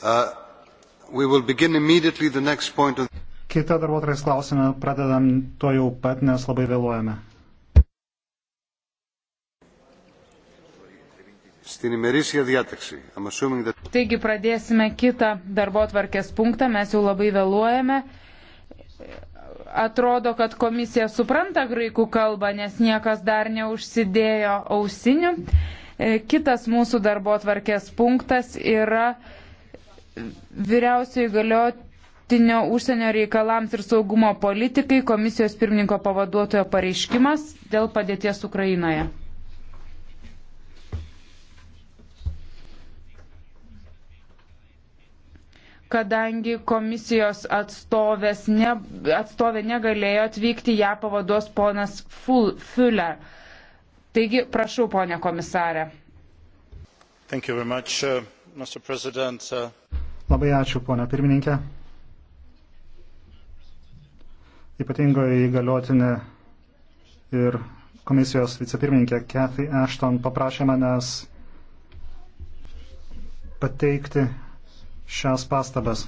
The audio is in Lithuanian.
Uh, Kita darbuotojas klausime, pradedam to jau pat, nes labai vėluojame. Taigi pradėsime kitą darbo tvarkės punktą, mes jau labai vėluojame. Atrodo, kad komisija supranta graikų kalbą, nes niekas dar neužsidėjo ausinių. E, kitas mūsų darbo tvarkės punktas yra vyriausiai galiotinio užsienio reikalams ir saugumo politikai komisijos pirmininko pavaduotojo pareiškimas dėl padėties Ukrainoje. Kadangi komisijos atstovės ne, atstovė negalėjo atvykti, ją pavaduos ponas Fuller. Taigi, prašau, ponė komisarė. Much, uh, Labai ačiū, ponia pirmininkė. Ypatingoji įgaliotinė ir komisijos vicepirmininkė Kathy Ashton paprašė manęs pateikti šias pastabas.